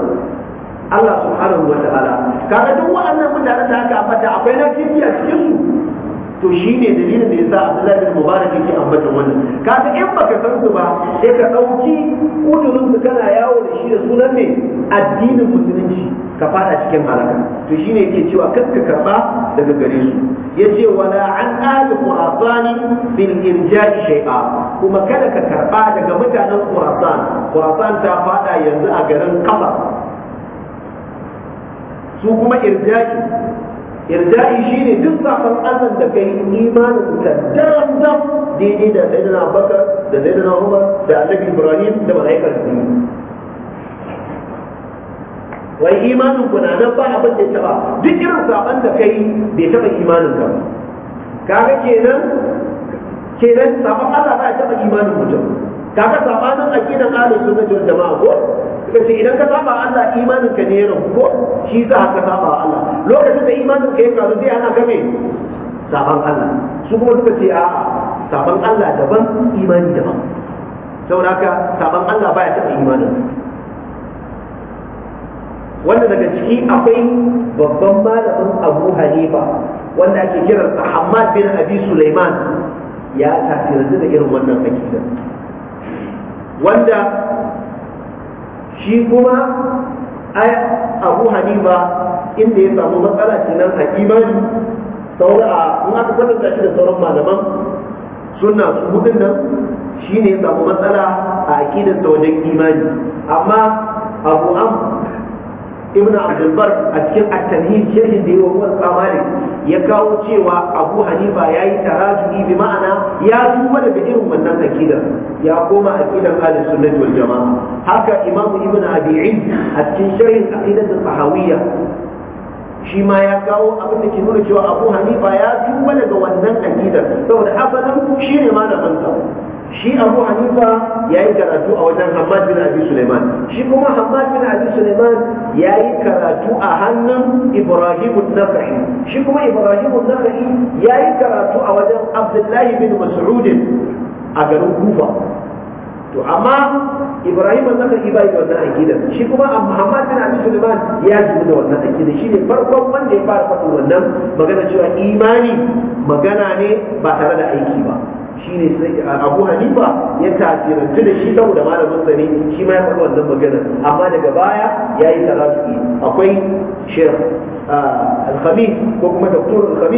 Allah subhanahu wa ta'ala kaga duk waɗannan mutanen da aka ambata akwai na kirki cikin su to shi ne dalilin da ya sa Abdullahi bin Mubarak yake ambata wannan kaga in baka san su ba sai ka ɗauki kudurin su kana yawo da shi da sunan ne addinin musulunci ka fada cikin halaka to shi ne yake cewa kar ka karba daga gare su yace wala an ali qurasani bil irja'i shay'a kuma kada ka karba daga mutanen qurasan qurasan ta fada yanzu a garin kafa su kuma irja'i irja'i shine duk sakon azan da kai imanin ka dam dam daidai da sayyidina abubakar da sayyidina umar da annabi ibrahim da malaikar su wai imanin ku na nan ba abin da ya taba duk irin saban da kai bai taba imanin ka ba kaga kenan kenan saban Allah ba ya taba imanin mutum kaga sabanin aqidan ahlus sunna wal jama'a ko suka ce idan ka saba Allah imanin ka ne ya rabu ko shi za ka saba Allah lokacin da imanin ka ya karu sai ana game saban Allah su kuma suka ce a'a saban Allah daban imani daban saboda haka saban Allah baya taɓa imanin wanda daga ciki akwai babban malamin Abu Hanifa wanda ake sa Hamad bin Abi Sulaiman ya tafi da irin wannan akidar wanda shi kuma ai abu hanifa inda ya samu matsala kenan a imani saura a in aka kwatanta shi da sauran malaman suna su hudun nan shi ne ya samu matsala a ta wajen imani amma abu am ibn abdulbar a cikin attanhi shirin da yi wa kuma tsamanin ya kawo cewa abu hanifa ya yi tarajuni bi ma'ana ya duba daga irin wannan akidar ya koma akidar ahli sunnati wal jama'a haka imam ibn abi a cikin sharhin aqidat al-tahawiyya shi ma ya kawo abin da ke nuna cewa abu hanifa ya duba daga wannan akidar saboda asalin shine malamin sa shi abu hanifa ya yi karatu a wajen hamad bin abi suleiman shi kuma hamad bin abi suleiman ya yi karatu a hannun ibrahim nakhai shi kuma ibrahim nakhai ya yi karatu a wajen abdullahi bin mas'ud a garin kufa to amma ibrahim nakhai bai da wannan akida shi kuma hamad bin abi suleiman ya yi da wannan akida shi ne farkon wanda ya fara faɗin wannan magana cewa imani magana ne ba tare da aiki ba shine sai Abu Hanifa ya tasirantu da shi saboda malamin sa ne shi ma ya faɗi wannan magana amma daga baya yayi tarafi akwai Sheikh ah, al ko kuma Dr. al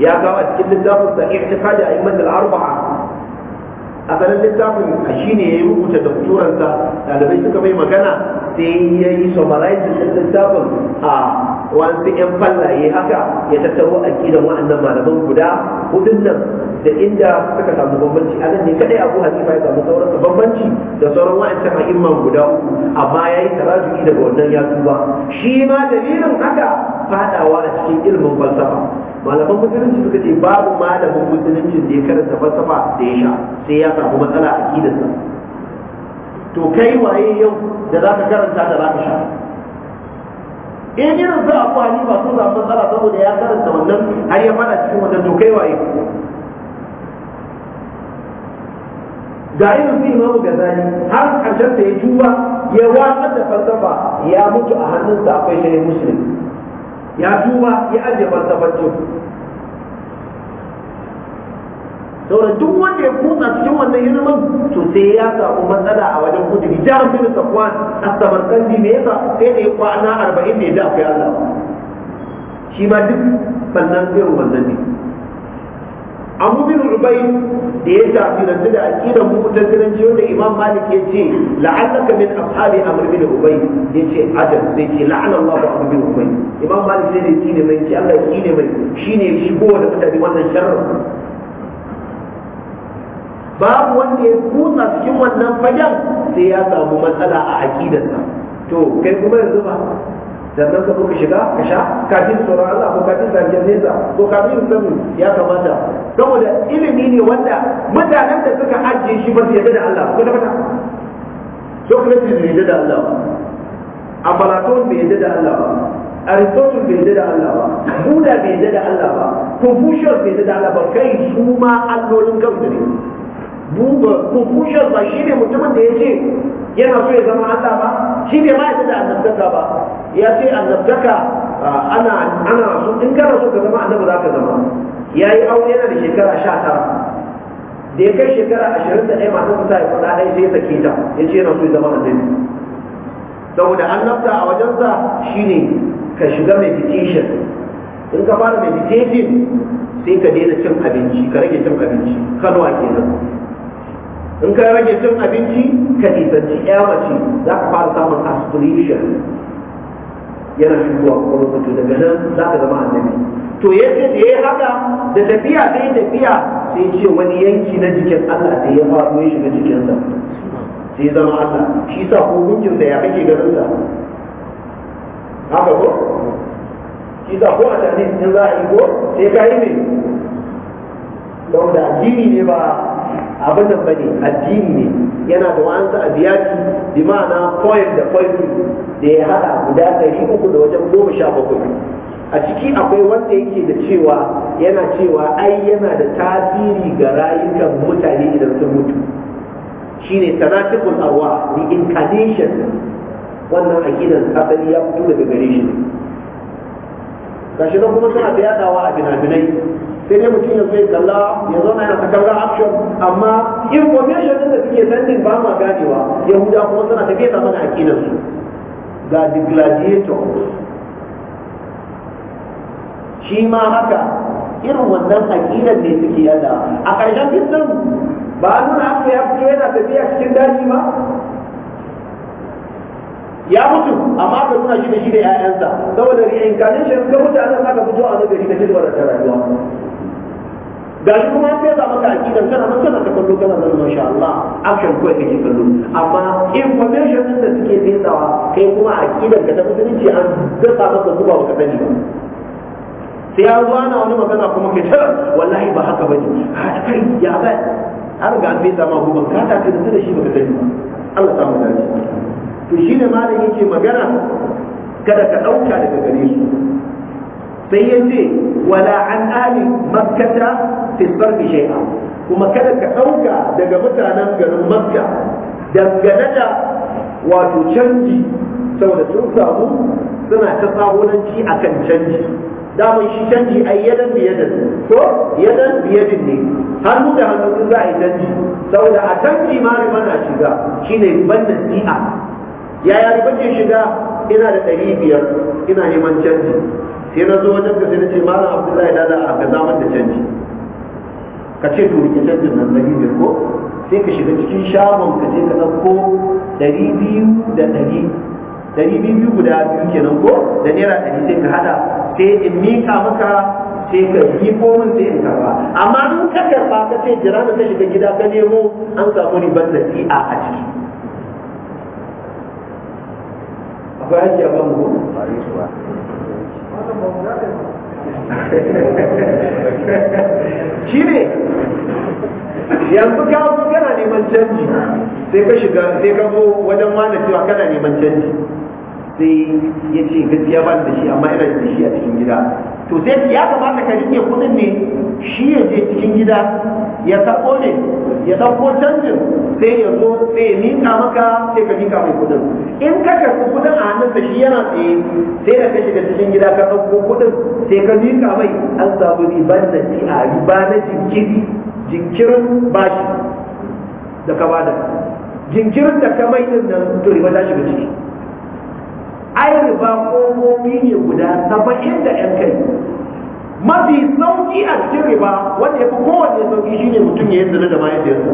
ya kawo a cikin littafin sa a A'immat Al-Arba'a asalin littafin ne ya rubuta doktoransa ɗalibai suka mai magana sai ya yi summarizing littafin a ah, wasu yan fallaye haka ya tattaro aqidan wa'annan malaman guda hudun nan da inda suka samu bambanci a nan ne kadai abu hanifa ya samu sauran bambanci da sauran wa'ancan a'imman guda uku amma ya yi tarajuki daga wannan ya tuba shi ma dalilin haka fadawa a cikin ilimin falsafa malaman musulunci suka ce babu malamin musulunci da ya karanta falsafa da ya sha sai ya samu matsala a sa. to kai waye yau da zaka karanta da zaka sha in eh, irin su abu hanifa sun samu matsala saboda ya karanta wannan har ya fada cikin wannan to kai waye ga irin su imamu gazali har karshen da ya juba ya watsar da falsafa ya mutu a hannunsa akwai shayi muslim ya juba ya ajiye falsafar saboda duk wanda ya kutsa cikin wannan ilimin to sai ya samu matsala a wajen kudiri jihar bin safwan a samarkandi ne yasa sai da ya kwana arba'in ne da akwai allah shi ma duk sannan irin wannan ne abu bin rubai da ya shafi da da aqidar mu'tazilanci wanda imam malik ya ce la'allaka min ashabi amr bin Rubai ya ce adam sai ce la'ana allah abu bin Rubai. imam malik sai ne mai ce allah ne mai shi shine shigo da mutane wannan sharar. babu wanda ya kusa cikin wannan fagen sai ya samu matsala a aƙidarsa to kai kuma yanzu ba sannan ka ka shiga ka sha kafin tsoron Allah ko kafin zargin nesa ko kafin sanin ya kamata saboda ilimi ne wanda mutanen da suka ajiye shi ba su yarda da Allah ko da mata Socrates bai yarda da Allah ba Aflatun bai yarda da Allah ba Aristotle bai yarda da Allah ba buda bai yarda da Allah ba Confucius bai yarda da Allah ba kai su ma allolin kansu ne duba confucius ba shi ne mutumin da ya ce yana so ya zama Allah ba shi ne ba ya da annabtaka ba ya ce annabtaka ana ana so in kana so ka zama annabi za ka zama ya yi aure yana da shekara sha tara da ya kai shekara ashirin da ɗaya masu ta haifi ɗaya sai ya sake ta ya ce yana so ya zama annabi saboda annabta a wajensa shine ka shiga meditation in ka fara meditation sai ka daina cin abinci ka rage cin abinci kalwa kenan in ka rage cin abinci ka nisanci ya mace za ka fara samun aspiration yana shigowa kwakwalwar mutum daga nan za ka zama annabi to ya ce da ya haka da tafiya sai tafiya sai ce wani yanki na jikin Allah sai ya faru ya shiga jikinsa sai ya zama Allah shi sa ko da ya kake ganin sa haka ko shi sa ko a tarihi in za a yi ko sai ka yi mai da addini ne ba abin nan bane addini ne yana da wa'ansu abiyati bi ma'ana poem da poetry da ya hada guda ɗari uku da wajen goma sha bakwai a ciki akwai wanda yake da cewa yana cewa ai yana da tasiri ga rayukan mutane idan sun mutu shine tanatibul arwa the incarnation wannan aqidan asali ya fito daga gare shi kashi na kuma suna da yadawa a binabinai sai dai mutum ya zai kalla ya zauna yana takardar option amma information din da suke sending ba ma ganewa yahuda kuma suna tafiya mana aƙidar su ga the gladiators shi ma haka irin wannan aƙidar ne suke yada a ƙarshen fitin ba a nuna haka ya fito yana tafiya cikin daji ba ya mutu amma ka nuna shi da shi da 'ya'yansa saboda reincarnation ga mutane za ka fito a wani gari na jirgin da rayuwa ga shi kuma ya za maka akidan kana nan kana ta kallo kana nan masha Allah action kawai kake kallo amma information din da suke fesawa kai kuma akidan ka ta musulunci an dasa maka zuba baka sani ba sai ya zo ana wani magana kuma kai ta wallahi ba haka bane a kai ya ba Har ga an fesa ma guban ka ta ce da shi baka sani ba Allah ta mu dace to shine malamin yake magana kada ka dauka daga gare su sai ya ce wala an ali makkata fi kuma kada ka ɗauka daga mutanen garin makka dangane da wato canji saboda sun samu suna ta sabonanci akan canji damar shi canji ai yadan biyadan ko yadan biyadin ne hannu da hannu za a yi canji saboda a canji ma riba shiga shine riban nasi'a yaya riban shiga ina da ɗari biyar ina neman canji sai na zo wajen ka sai na ce abu zai dada a ga zamar da canji ka ce to rike canjin nan na bibiyar ko sai ka shiga cikin shagon ka je ka ɗauko ɗari biyu da ɗari ɗari biyu guda biyu kenan ko da naira ɗari sai ka hada sai in mika maka sai ka yi komin sai in karba amma in ka karba ka ce jira da ka shiga gida ka nemo an samu ribar da si'a a ciki akwai hajji a kan gobe shi ne yanzu kawo kana neman canji sai ka shiga sai ka zo wajen mana cewa kana neman canji sai ya ce gaskiya ba da shi amma ina da shi a cikin gida to sai ya kamata ka rike kudin ne shi ya je cikin gida ya sako ne ya dauko canjin sai ya zo sai ya mika maka sai ka mika mai kudin in ka karɓi kudin a da shi yana tsaye sai da ka shiga cikin gida ka dauko kudin sai ka mika mai an samu riban da ci a riba na jinkiri jinkirin bashi da ka bada jinkirin da ka mai din nan to riba ta shiga ciki ai riba komomi ne guda saba'in da yan kai mafi sauki a cikin riba wanda ya fi kowane sauki shine mutum ya yi zina da mahaifiyarsa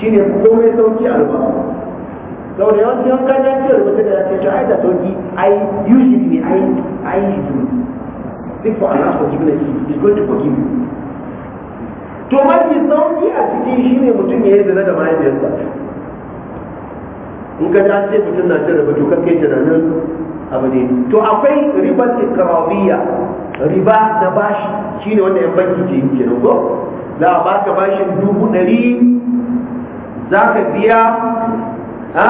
shine komai sauki a riba sau da yawanci yan kan yanci rubutu da ya ce ta da sauki ai usually ai ai yi seek for Allah forgiveness he is going to forgive to mafi sauki a cikin shine mutum ya yi zina da mahaifiyarsa in ka ji an ce mutum na cin riba to kan kai tunanin abu ne to akwai ribar ikrawiya riba na bashi shine wanda yan banki ke yi kenan ko za a baka bashin dubu ɗari za ka biya ha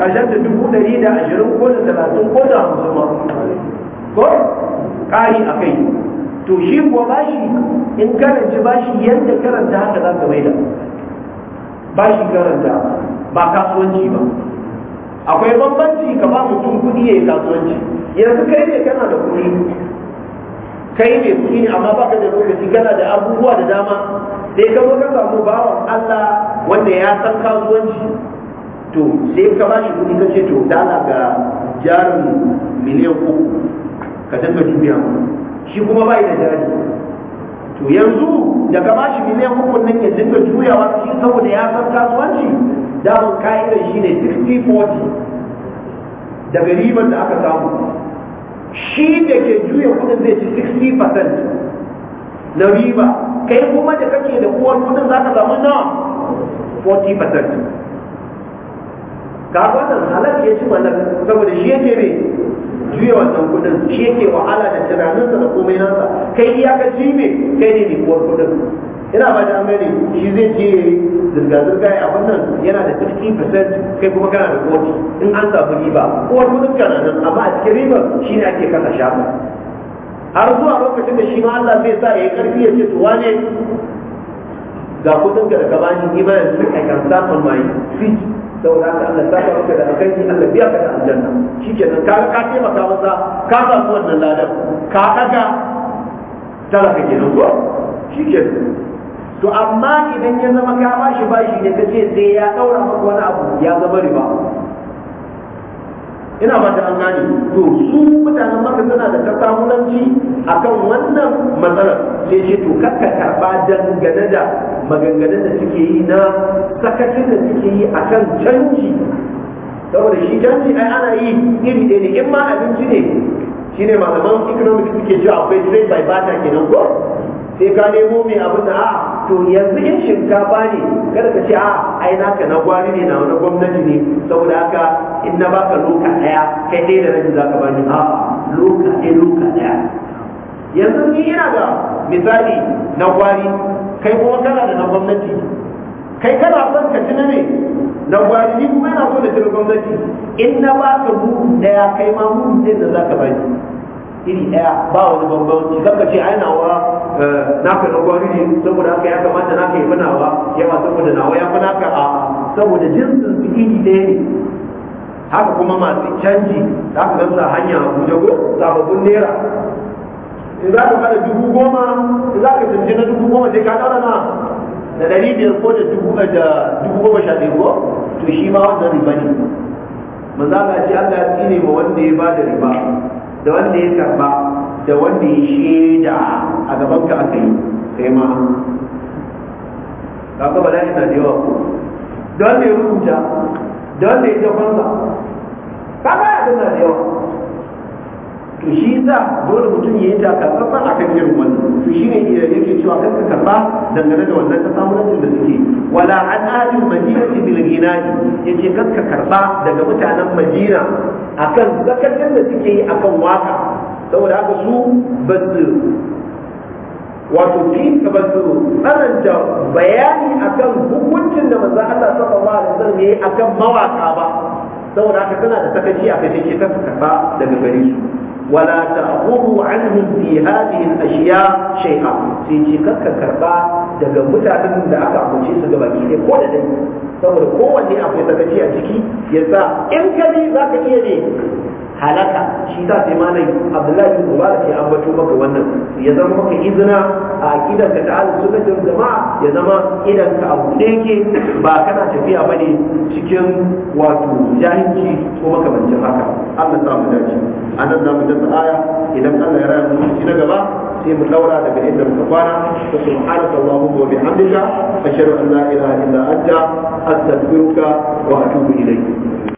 ƙarshen da dubu ɗari da ashirin ko da talatin ko da hamsin ma ko ƙari a kai to shi kuwa bashi in karanci bashi yadda karanta haka za ka maida bashi karanta ba kasuwanci ba akwai bambanci ka ba mutum kuɗi ya yi kasuwanci yanzu kai ne kana da kuɗi kai ne kuɗi ne amma baka da lokaci kana da abubuwa da dama sai ka ka samu bawan Allah wanda ya san kasuwanci to sai ka ba shi kuɗi ka ce to dala ga jarin miliyan uku ka dinga juya shi kuma bai da jari to yanzu daga ba shi miliyan uku nan ya dinga juyawa shi saboda ya san kasuwanci damun ka'idar shi ne 60-40 daga riban da aka samu shi da ke juya kudin zai ci 60% na riba kai kuma da kake da uwar kudin za ka samu na 40% ga wannan halar ya ci mana saboda shi yake ne juya wannan kudin shi yake wahala da tunaninsa da komai nasa kai iyakaci me kai ne ne kuwar kudin ina ba da amani shi zai je zirga-zirga ya wannan yana da 50% kai kuma kana da 40 in an samu riba kuwar kudin kana nan amma a cikin riba shi ne ake kasa shafa har zuwa lokacin da shi ma Allah zai sa ya yi karfi ya ce to wane ga kudin ka da ka bani imanin sun kan samu mai fiji saboda haka Allah ta maka da alkhairi Allah biya ka da aljanna shikenan ka ka taimaka masa ka su wannan ladan ka daga talaka kenan ko shikenan to amma idan ya zama ka bashi bashi ne kace sai ya daura maka wani abu ya zama riba ina ba da an gane to su mutanen maka suna da a akan wannan matsalar sai ce to kakka karba dangane da maganganun da suke yi na sakacin da suke yi akan canji saboda shi canji ai ana yi iri ɗaya ne in ma abinci ne Shi shine malaman economics suke cewa akwai trade by barter kenan ko sai ka nemo mai abin da a'a to yanzu in shinkafa ne kada ka ce a ai naka na gwari ne na wani gwamnati ne saboda haka in na baka loka daya kai dai da rabi zaka bani a loka ɗaya loka daya yanzu ni ina da misali na gwari kai kuma kana da na gwamnati kai kana son ka ci na ne na gwari ni kuma yana so da ci na gwamnati in na baka mu daya kai ma mu ɗaya da zaka bani iri daya ba wani bambanci kaka ce ai nawa eh, na ka na gwari ne saboda haka ya kamata na ka yi ya yawa saboda nawa ya fi naka a saboda jinsin su iri ɗaya ne haka kuma masu canji za ka gamsa hanya a guje ko sababbin naira in za ka bada dubu goma in za ka canje na dubu goma sai ka ɗaura na da ɗari biyar ko da dubu eh, da dubu goma sha ɗaya ko to shi ma wannan riba ne manzo za ka ce Allah ya tsine ma wanda ya bada riba da wanda ya karba da wanda ya shaida a gaban ka aka yi kai ma ka ga bala'i na da yawa ko da wanda ya rubuta da wanda ya kwanza. ka ga abin na da yawa to shi za dole mutum ya yi takatsantsan a kan irin wannan to shi ne yake cewa kan ka karba dangane da wannan kasamunancin da suke wala an ahli madinati bil ginani yace kan ka karba daga mutanen madina akan zakatun da suke yi akan waka saboda haka su ba su wato kinka ba su tsananta bayani akan hukuncin da manzo Allah sallallahu alaihi wasallam yayi akan mawaka ba saboda haka tana da sakaci a kai shi ta karba daga gare su ولا تأخذوا عنهم في هذه الأشياء شيئا سيجي كك كربا daga mutanen da aka amince su ga baki ne ko da dai saboda kowanne akwai sakaci a jiki yasa in ka za iya ne halaka shi ta sai malam abdullahi bin mubarak ya ambato maka wannan ya zama maka izina a gidan ka ta sunnatul jama'a ya zama idan ka abu da yake ba kana tafiya ne cikin wato jahilci ko makamancin haka Allah ta mu dace anan za mu dasa aya idan Allah ya raya mu ci na gaba sai mu daura daga inda muka kwana wa subhanaka allahumma wa bihamdika ashhadu an la ilaha illa anta astaghfiruka wa atubu ilayk